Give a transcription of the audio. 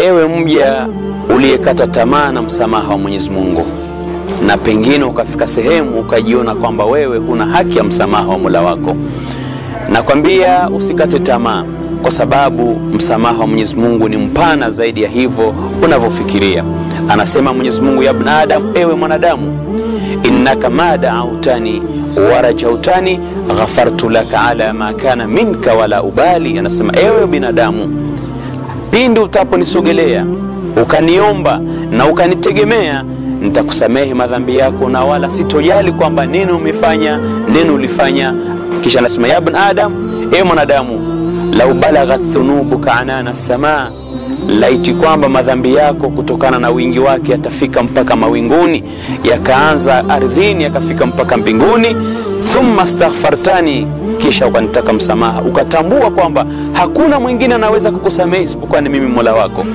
Ewe mja uliyekata tamaa na msamaha wa Mwenyezi Mungu, na pengine ukafika sehemu ukajiona kwamba wewe huna haki ya msamaha wa Mola wako, nakwambia usikate tamaa, kwa sababu msamaha wa Mwenyezi Mungu ni mpana zaidi ya hivyo unavyofikiria. Anasema Mwenyezi Mungu, ya binadamu, ewe mwanadamu, innaka ma daautani warajautani ghafartu laka ala ma kana minka wala ubali. Anasema ewe binadamu pindi utaponisogelea ukaniomba na ukanitegemea, nitakusamehe madhambi yako na wala sitojali kwamba nini umefanya nini ulifanya. Kisha anasema ya ibn Adam, e mwanadamu, lau balaghat dhunubuka anana samaa, laiti kwamba madhambi yako kutokana na wingi wake yatafika mpaka mawinguni, yakaanza ardhini, yakafika mpaka mbinguni thumma staghfartani, kisha ukanitaka msamaha, ukatambua kwamba hakuna mwingine anaweza kukusamehe isipokuwa ni mimi Mola wako.